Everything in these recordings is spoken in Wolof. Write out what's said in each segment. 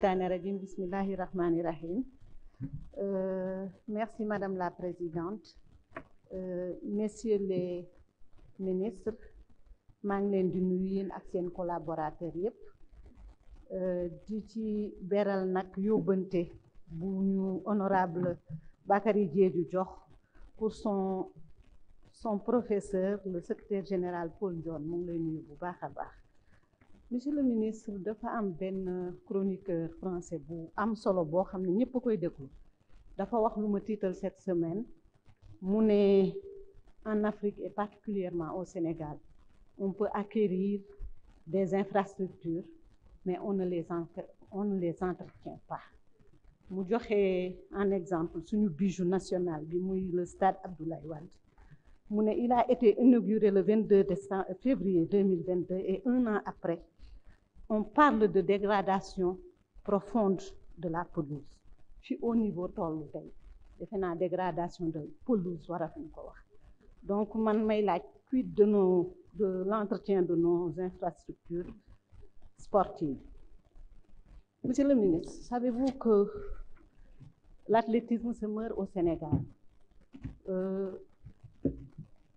Tane Radim, Bismillahirrahmanirrahim. Euh, merci Madame la Présidente, euh, Messieurs les ministres, maa ngi leen di nuyu yéen ak seen collaborateurs yëpp euh, di ci beral nag yóbbante bu ñu honorable Bakary Diédhiou jox pour son son professeur le secrétaire général Paul Ndione mu ngi lay nuyu bu baax a baax monsieur le ministre dafa am benn chroniqueur français bu am solo boo xam ne ñëpp koy déglu dafa wax lu ma tiital cette semaine mu ne en Afrique et particulièrement au Sénégal on peut acquérir des infrastructures mais on ne les on les entretient pas mu joxe en exemple suñu bijou national bi muy le stade Abdoulaye Wade mu ne il a été inauguré le 22 décembre février 2022 et un an après on parle de dégradation profonde de la pelouse fi au niveau toolu tey defe naa dégradation de pelouse war a ko wax donc man may laaj quid de nos de l'entretien de nos infrastructures sportives monsieur le ministre savez-vous que l'athlétisme se meurt au Sénégal euh,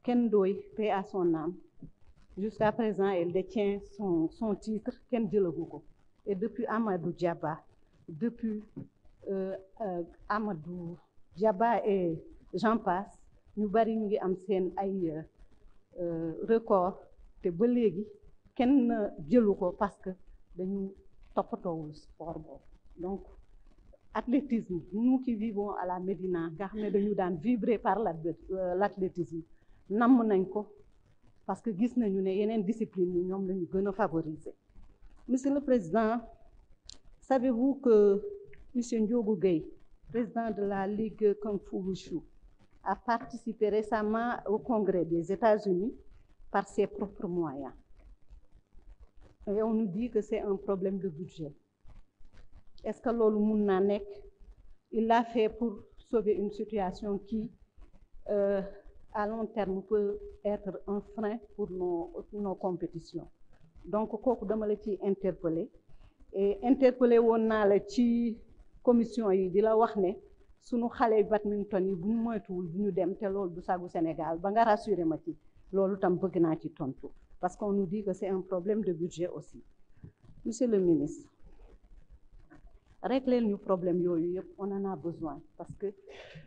Ken Ndoye paix à son âme jusqu'à présent elle détient son son titre kenn jëlagu ko et depuis Amadou Diaba depuis euh, euh, Amadou Diaba et j'en passe ñu bari ñu ngi am seen ay euh, euh, record te ba léegi kenn jëlu ko parce que dañu toppatoowul sport boobu donc athlétisme nous qui vivons à la Médina nga xam ne dañu daan vibrer par euh, l'athlétisme namm nañ ko parce que gis nañu ne yeneen discipline yi ñoom la ñu gën a favoriser monsieur le président savez-vous que monsieur Ndiogou Gueye président de la ligue Kung Fu Wushu a participé récemment au congrès des États-Unis par ses propres moyens et on nous dit que c'est un problème de budget est-ce que loolu mun naa nekk il l'a fait pour sauver une situation qui euh, à long terme peut être un frein pour nos nos compétitions donc kooku dama la ci interpeller et interpeller woon naa la ci commission yi di la wax ne sunu xale badminton yi bu ñu moytuwul bu ñu dem te loolu du sagu Sénégal ba nga rassuré ma ci loolu tam bëgg naa ci tontu parce qu'on nous dit que c'est un problème de budget aussi monsieur le ministre régler ñu problème yooyu yëpp on naa a besoin parce que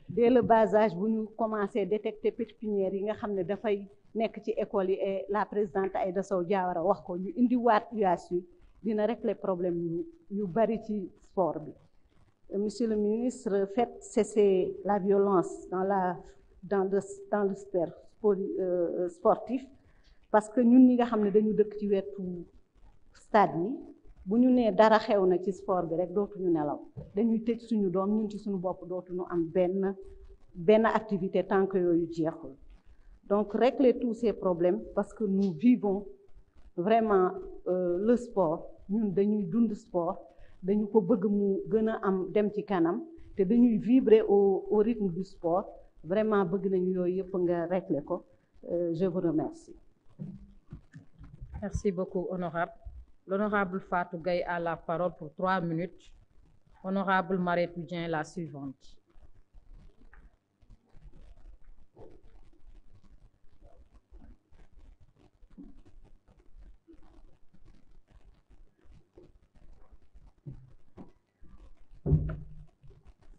dès le basage bu ñu commencé détecter pépinière yi nga xam ne dafay nekk ci école yi et la ay Aïda Sow Diawara wax ko ñu indi waat yi dina régler problème yu yu bari ci sport bi euh, monsieur le ministre faites cesser la violence dans la dans le dans le sport euh, euh, sportif parce que ñun ñi nga xam ne dañu dëkk ci wetu stade yi bu ñu nee dara xew na ci sport bi rek dootuñu nelaw dañuy tëj suñu doom ñun ci suñu bopp dootuñu am benn benn activité tant yooyu jeexul donc régler tous ces problèmes parce que nous vivons vraiment euh, le sport ñun dañuy dund sport dañu ko bëgg mu gën a am dem ci kanam te dañuy vibrer au au rythme du sport vraiment bëgg nañu yooyu yëpp nga régler ko euh, je vous remercie. merci L'honorable Fatou Gaye a la parole pour trois minutes. Honorable Mariétou Dieng, la suivante.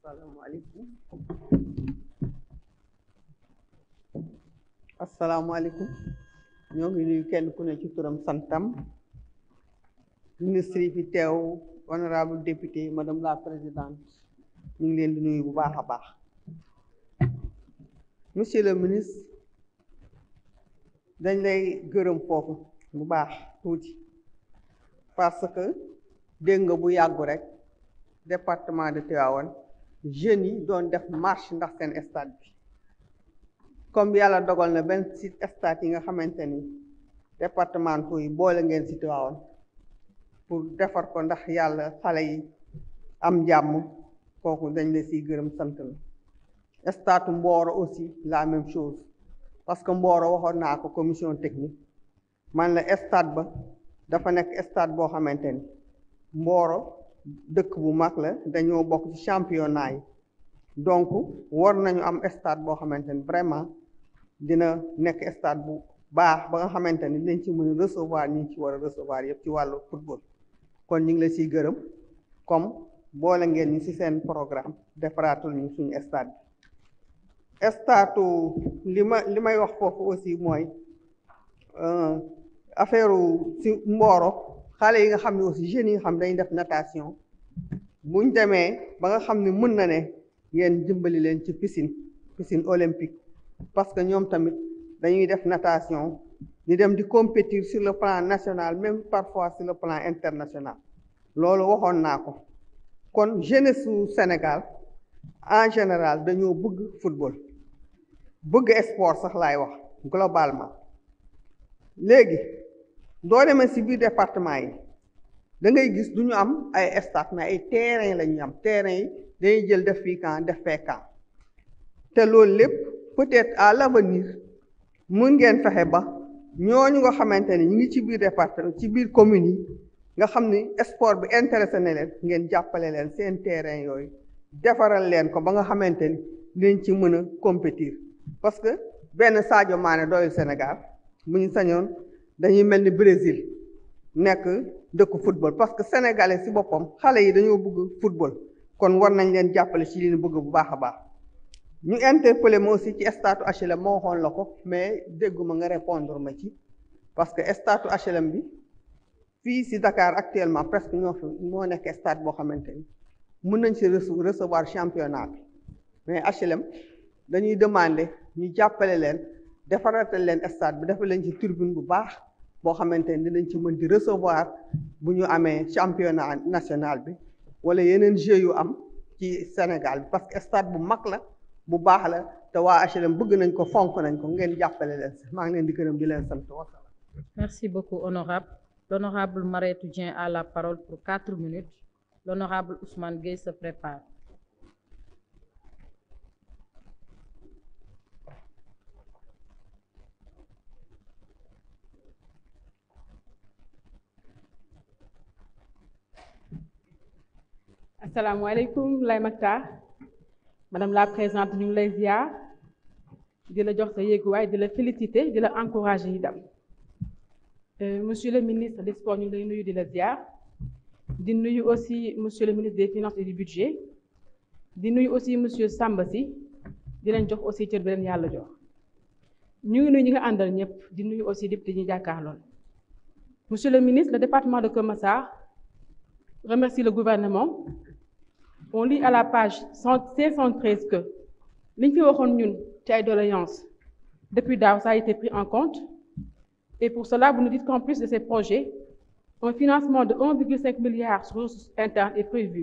asalaamaaleykum asalaamaaleykum ñoo ngi nuyu kenn ku ne ci turam santam ministre yi fi teew honorable député madame la présidente ñu ngi leen di nuyu bu baax a baax monsieur le ministre dañ lay gërëm foofu bu baax tuuti parce que dégg nga bu yàggu rek département de Tivaouane jeunes yi doon def marche ndax seen stade bi comme yàlla dogal na benn site stade yi nga xamante ni départementaux yi boole ngeen si Tivaouane pour defar ko ndax yàlla xale yi am njàmm kooku dañ la siy gërëm sant la statu Mboro aussi la même chose parce que Mboro waxoon naa ko commission technique man la stade ba dafa nekk stade boo xamante ni Mboro dëkk bu mag la dañoo bokk ci championnat yi donc war nañu am stade boo xamante ni vraiment dina nekk stade bu baax ba nga xamante ni dinañ ci mën a recevoir ñi ci war a recevoir yëpp ci wàllu football kon ñu ngi la siy gërëm comme boole ngeen ñu si seen programme defaraatul ñu suñu stade bi stade li ma li may wax foofu aussi mooy euh, affaire si mbooro xale yi nga xam ne aussi jeunes yi nga xam dañuy def natation buñ demee ba nga xam ne mën na ne ngeen dimbali leen ci piscine piscine olympique parce que ñoom tamit dañuy def natation di dem di compétir sur le plan national même parfois sur le plan international loolu waxoon naa ko kon jeunesse su Sénégal en général dañoo bëgg football bëgg sport sax laay wax globalement léegi doo demee si biir département yi da ngay gis du ñu am ay stade mais ay terrain la ñu am terrain yi dañuy jël def fii camp def fee te loolu lépp peut à l'avenir mun ngeen fexe ba ñooñu nga xamante ne ñu ngi ci biir département ci biir commune yi nga xam ni sport bi intéressé leen ngeen jàppale leen seen terrain yooyu defaral leen ko ba nga xamante ni leen ci mën a compétir parce que benn Sadio maane doyul Sénégal mu ñu sañoon dañuy mel ni Brésil nekk dëkk football parce que sénégalais si boppam xale yi dañoo bugg football kon war nañ leen jàppale ci li ñu bëgg bu baax a baax. ñu interpellé ma aussi ci statut HLM moo waxoon la ko mais dégguma nga répondre ma ci parce que statut HLM bi fii si Dakar actuellement presque ñoo fi moo nekk stade boo xamante ni mën nañ si recevoir championnat bi mais HLM dañuy demander ñu jàppale leen defaratal leen stade bi defal leen ci tribune bu baax boo xamante ni dinañ ci mën di recevoir bu ñu amee championnat national bi wala yeneen jeux yu am ci Sénégal bi parce que stade bu mag la bu baax la te waa HLM bëgg nañ ko fonk nañ ko ngeen jàppale leen si maa ngi leen di gërëm di leen sant wasalaam. merci beaucoup honorable l'honorable Mariétou Dieng a la parole pour quatre minutes l'honorable Ousmane Gueye se prépare. asalaamaaleykum Lay Maktar. madame la présidente ñu ngi lay ziar di la jox sa yéeguwaay di la féliciter di la encourager itam euh, monsieur le ministre des sports ñu ngi lay nuyu di la ziar di nuyu aussi monsieur le ministre des finances et du budget di nuyu aussi monsieur Samba si di leen jox aussi cër bi leen yàlla jox ñu ngi nuyu ñi nga àndal ñëpp di nuyu aussi député ñi jàkkaarlool monsieur le ministre le département de Keur Massar remercie le gouvernement on lit à la page 513 que li ñu fi waxoon ñun ci ay doléances depuis daaw a été pris en compte et pour cela vous nous dites qu'en plus de ces projets un financement de 1,5 milliard sur ressources internes est